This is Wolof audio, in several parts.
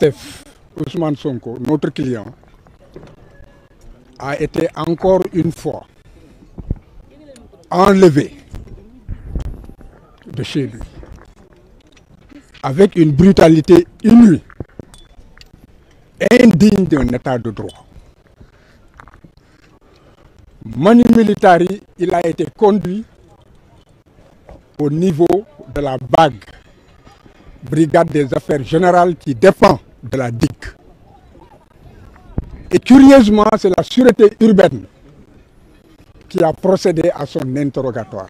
Pastef, Ousmane Sonko, notre client, a été encore une fois enlevé de chez avec une brutalité inouïe, indigne d'un état de droit. Manu militari, il a été conduit au niveau de la BAG, Brigade des Affaires Générales qui dépend de la DIC. Et curieusement, c'est la sûreté urbaine qui a procédé à son interrogatoire.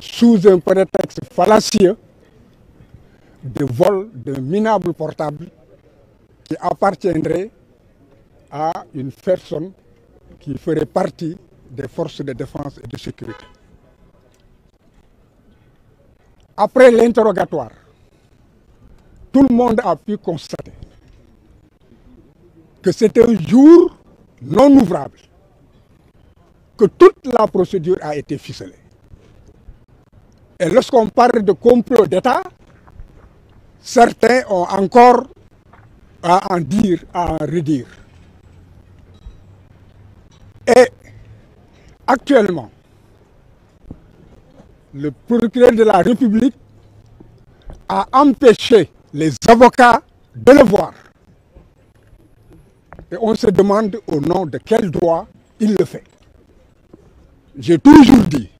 Sous un prétexte fallacieux de vol d'un minable portable qui appartiendrait à une personne qui ferait partie des forces de défense et de sécurité. Après l'interrogatoire, tout le monde a pu constater que c'est un jour non ouvrable, que toute la procédure a été ficelée. Et lorsqu'on parle de complot d'État, certains ont encore à en dire, à en redire. Et actuellement, le procureur de la République a empêché les avocats de le voir. Et on se demande au nom de quel droit il le fait. J'ai toujours dit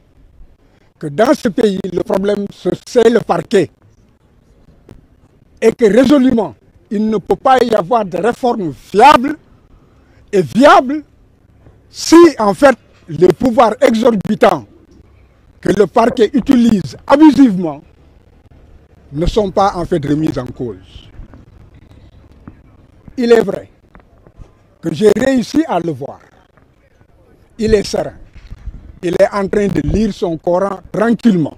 que dans ce pays, le problème, c'est le parquet. Et que résolument, il ne peut pas y avoir de réforme fiable et viable si, en fait, les pouvoirs exorbitants que le parquet utilise abusivement ne sont pas en fait remises en cause. Il est vrai que j'ai réussi à le voir. Il est serein. Il est en train de lire son Coran tranquillement.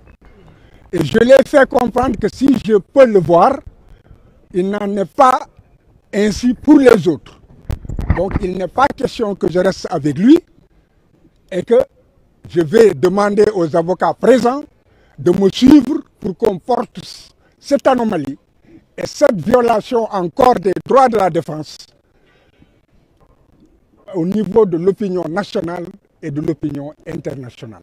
Et je l'ai fait comprendre que si je peux le voir, il n'en est pas ainsi pour les autres. Donc il n'est pas question que je reste avec lui et que je vais demander aux avocats présents de me suivre pour qu'on porte cette anomalie et cette violation encore des droits de la défense au niveau de l'opinion nationale et de l'opinion internationale.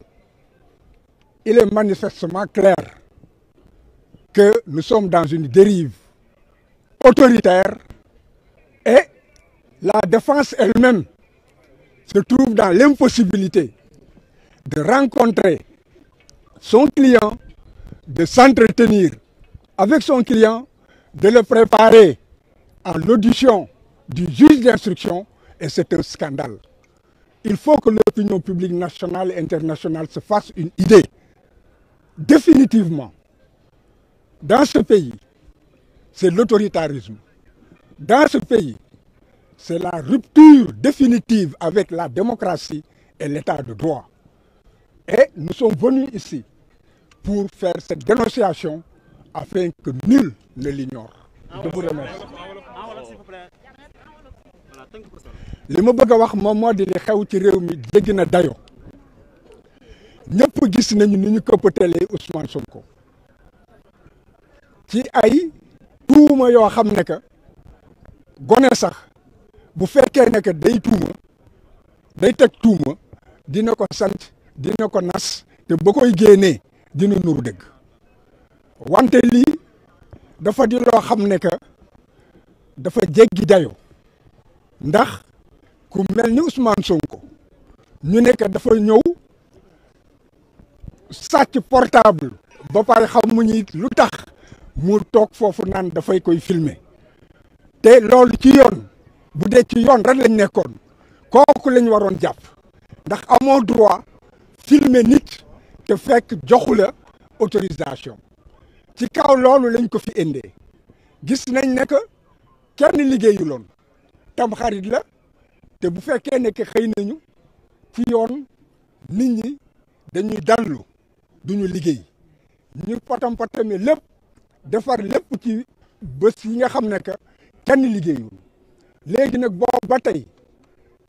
Il est manifestement clair que nous sommes dans une dérive autoritaire et la défense elle-même se trouve dans l'impossibilité de rencontrer son client, de s'entretenir avec son client, de le préparer à l'audition du juge d'instruction, et c'est un scandale. Il faut que l'opinion publique nationale et internationale se fasse une idée. Définitivement, dans ce pays, c'est l'autoritarisme. Dans ce pays, c'est la rupture définitive avec la démocratie et l'état de droit. Et nous sommes venus ici pour faire cette dénonciation afin que nul ne li ma bëgg a wax moom moo di li xew ci réew mi dégg na dayo ñëpp gis nañu ni ñu këppatalee Ousmane Sonko ci ay tuuma yoo xam ne que gone sax bu fekkee ne day tuuma day teg tuuma dina ko sant dina ko nas te ba koy génnee dina nuru dëgg wante lii dafa di loo xam ne que dafa jéggi dayo ndax ku mel ni Ousmane Sonko ñu ne dafa ñëw sàcc portable ba pare xamuñu lu tax mu toog foofu naan dafay koy filmer te loolu ci yoon bu dee ci yoon rek lañ nekkoon kooku lañ waroon jàpp ndax amoo droit filmer nit te fekk joxu la autorisation ci kaw loolu lañ ko fi indee gis nañ ne que kenn liggéeyu tam xarit la te bu fekkee ne que xëy nañu ci yoon nit ñi dañuy dallu duñu liggéey ñu patam patame lépp defar lépp ci bés yi nga xam ne kenn liggéeyul léegi nag boobu ba tey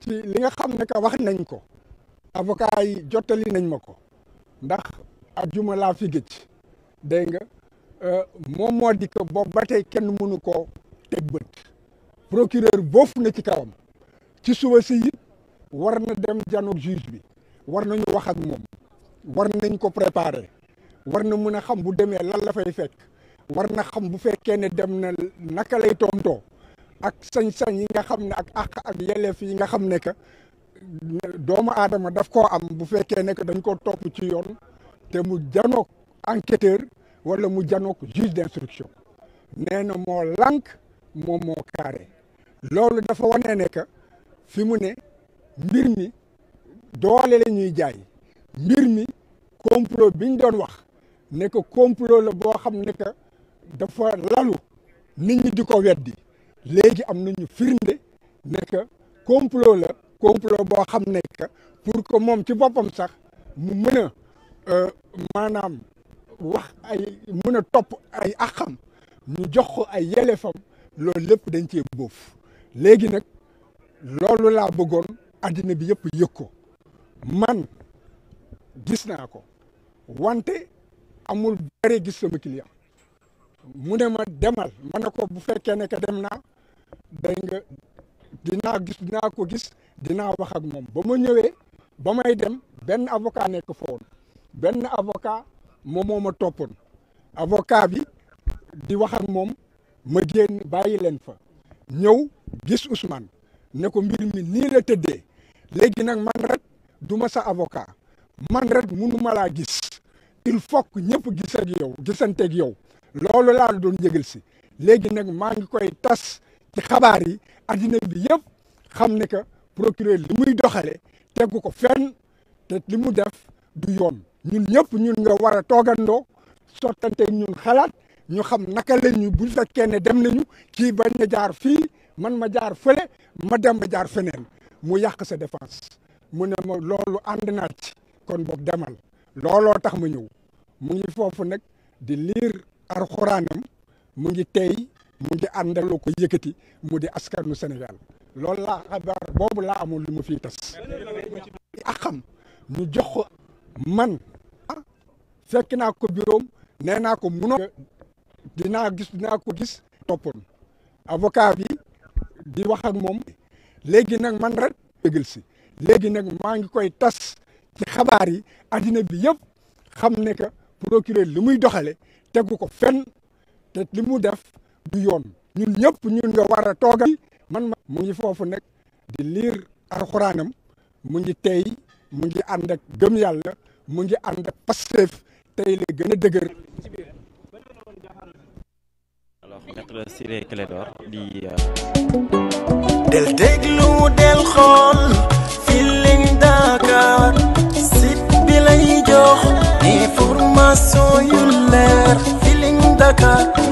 ci li nga xam ne wax nañ ko avocat yi jottali nañ ma ko ndax ajjuma laa fi gëj dégg nga Euh, moom moo di que boobu ba tey kenn mënu koo teg bët procureur boofu na ci kawam ci suba si it war na dem janoog juge bi war nañu wax ak moom war nañ ko préparer war na mën a xam bu demee lan la fay war na xam bu fekkee ne dem na naka lay tontoo ak sañ-sañ yi nga xam ne ak àq ak yelleef yi nga xam ne que doomu aadama daf ko am bu fekkee ne que dañ koo topp ci yoon te mu janoog enquêteur wala mu janook juge d'instruction nee na moo lànk moom moo carré loolu dafa wane ne que fi mu ne mbir mi doole la ñuy jaay mbir mi complot bi ñu doon wax ne que complot la boo xam ne que dafa lalu nit ñi di ko weddi léegi am nañu firnde ne que complot la complot boo xam ne que pour que moom ci boppam sax mu mën a euh, maanaam wax ay mën a topp ay axam ñu jox ko ay yelefam loolu lépp dañ cee boof léegi nag loolu laa bëggoon addina bi yëpp yëg ko man gis naa ko wante amul bare gis sama client mu ne ma demal ma ne ko bu fekkee ne que dem naa day nga dinaa gis dinaa ko gis dinaa wax ak moom ba ma ñëwee ba may dem benn avocat nekk foofu benn avocat moo moo ma toppoon avocat bi di wax ak moom ma génn bàyyi leen fa ñëw gis Ousmane ne ko mbir mi nii la tëddee léegi nag man rek du ma sa avocat man rek munu ma laa gis il faut que ñëpp gis ak yow gisante ak yow loolu laa doon yëgal si léegi nag maa ngi koy tas ci xabaar yi addina bi yëpp xam ne que procureur li muy doxale tegu ko fenn te li mu def du yoon ñun ñëpp ñun nga war a toogandoo sottante ñun xalaat ñu xam naka la ñu bu fekkee ne dem nañu kii bañ na jaar fii man ma jaar fële ma dem ba jaar feneen mu yàq sa défense mu ne ma loolu ànd naa kon boog demal looloo tax ma ñëw mu ngi foofu nag di liir alxuraanam mu ngi tey mu ngi àndaloo ko yëkkati mu di askanu Sénégal loolu laa xabaar boobu laa amul lu mu fiy tas. ak xam ñu jox man ah, fekk naa ko bureau nee naa ko munoo dinaa gis dinaa ko gis toppoon avocat bi di wax ak moom léegi nag man rek bégal si léegi nag maa ngi koy tas ci xabaar yi addina bi yëpp xam ne que procureur li muy doxale tegu ko fenn te li mu def du yoon ñun ñëpp ñun nga war a man ma mu ngi foofu nekk di liir alxuraanam mu ngi tey mu ngi ànd gëm yàlla mu ngi ànd ak Pastef tey la dëgër. Euh, del déglu del xool Feeling Dakar site bi lay jox information yu leer Feeling Dakar